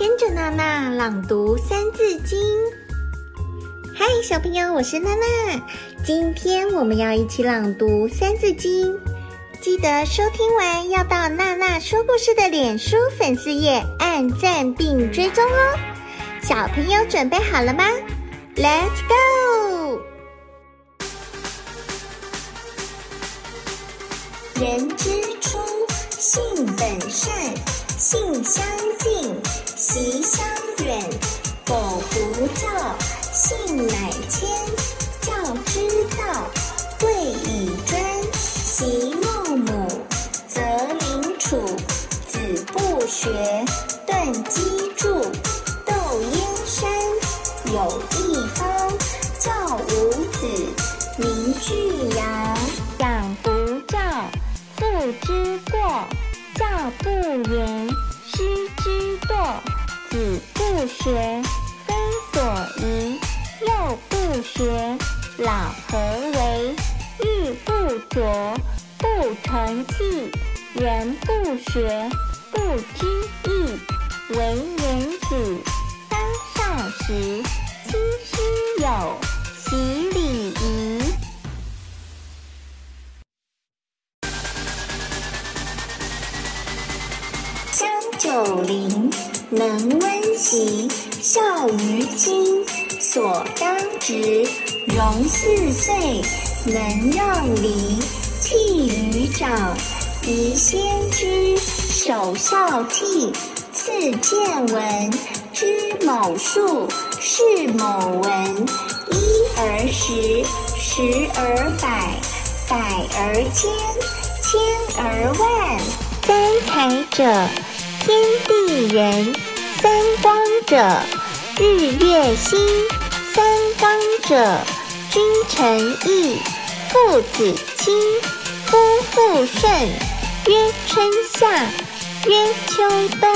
跟着娜娜朗讀《三字經》。嗨，小朋友，我是娜娜，今天我們要一起朗讀《三字經》，記得收聽完要到娜娜說故事的臉書粉絲頁按讚並追蹤哦。小朋友準備好了嗎？Let's go！ 人之初，性本善，性相近。習相遠，苟不教，性乃遷。教之道，貴以專。昔孟母，擇鄰處，子不學，斷機杼。竇燕山，有義方，教五子，名俱揚。養不教，父之過；教不嚴，師之惰。子不學，非所宜。幼不學，老何為？玉不琢，不成器。人不學，不知義。為人子，方少時，親師友。能溫席，孝於親，所當執。融四歲，能讓梨，悌於長，宜先知。首孝悌，次見聞。知某數，識某文。一而十，十而百，百而千，千而萬。三才者，天地。人三光者，日月星；三綱者，君臣義，父子親，夫婦順。曰春夏，曰秋冬，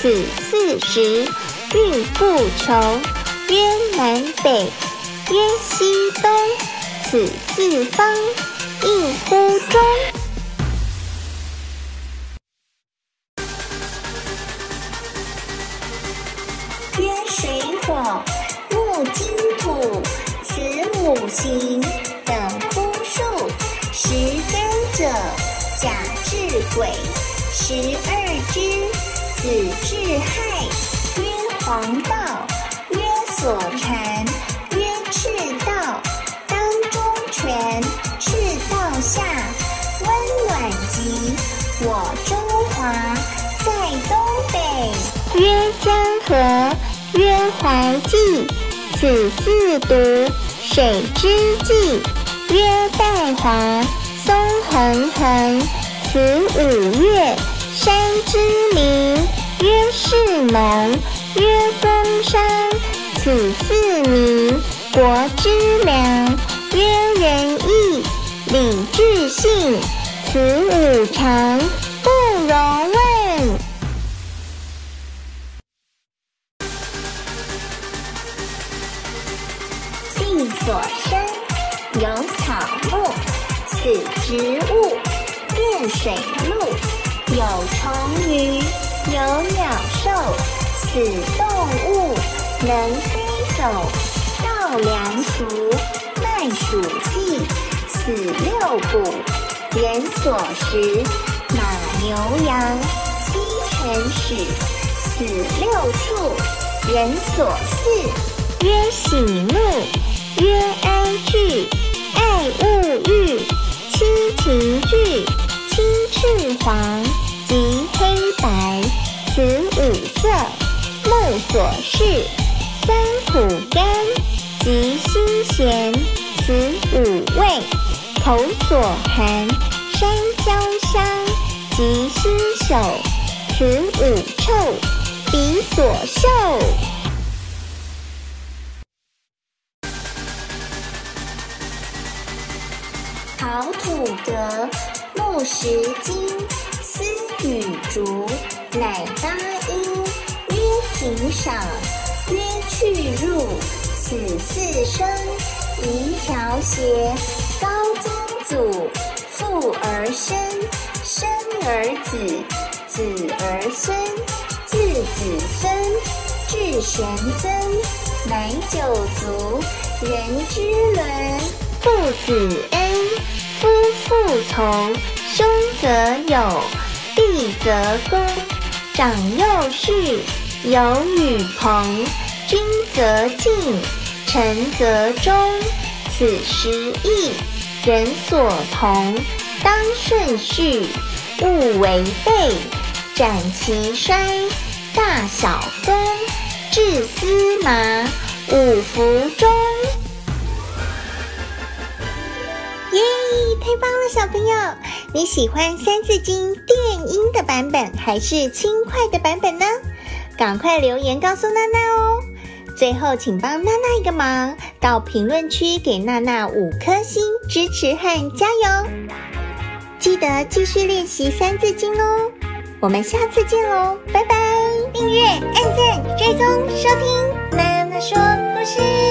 此四時運不窮；曰南北，曰西東，此四方應乎中。五行等乎數，十干者甲至癸，十二支子至亥，曰黃道，日所躔，曰赤道，當中權，赤道下，溫暖極。我中華在東北，曰江河，曰淮濟，此四瀆。水之紀，曰岱華，嵩恆衡，此五嶽。山之名，曰士農，曰工商，此四民。國之良，曰仁義，禮智信，此五常，不容紊。有草木，此植物；遍水陸，有蟲魚，有鳥獸，此動物。能飛走，稻粱菽，麥黍稷，此六穀，人所食。馬牛羊，雞犬豕，此六畜，人所飼。曰喜怒。曰：哀懼，愛惡欲，七情具；青赤黃，及黑白，此五色，目所視。酸苦甘，及辛鹹，此五味，口所含。膻焦香，及腥朽，此五臭，鼻所嗅。土革木石金絲與竹，乃八音。曰平上，曰去入，此四聲，宜調協，高曾祖，父而身，身而子，子而孫，自子孫至玄曾，乃九族。人之倫，父子恩，夫婦從，兄則友，弟則恭，長幼序，友與朋。君則敬，臣則忠，此十義，人所同。當順敘，勿違背，斬其衰，大小功，至緦麻，五服終。耶，yeah, 太棒了，小朋友！你喜歡《三字經》電音的版本還是輕快的版本呢？趕快留言告訴娜娜哦！最後，請幫娜娜一個忙，到評論區給娜娜五顆星支持和加油！記得繼續練習《三字經》哦，我們下次見嘍，哦，拜拜！訂閱、按讚、追蹤、收聽，娜娜說故事。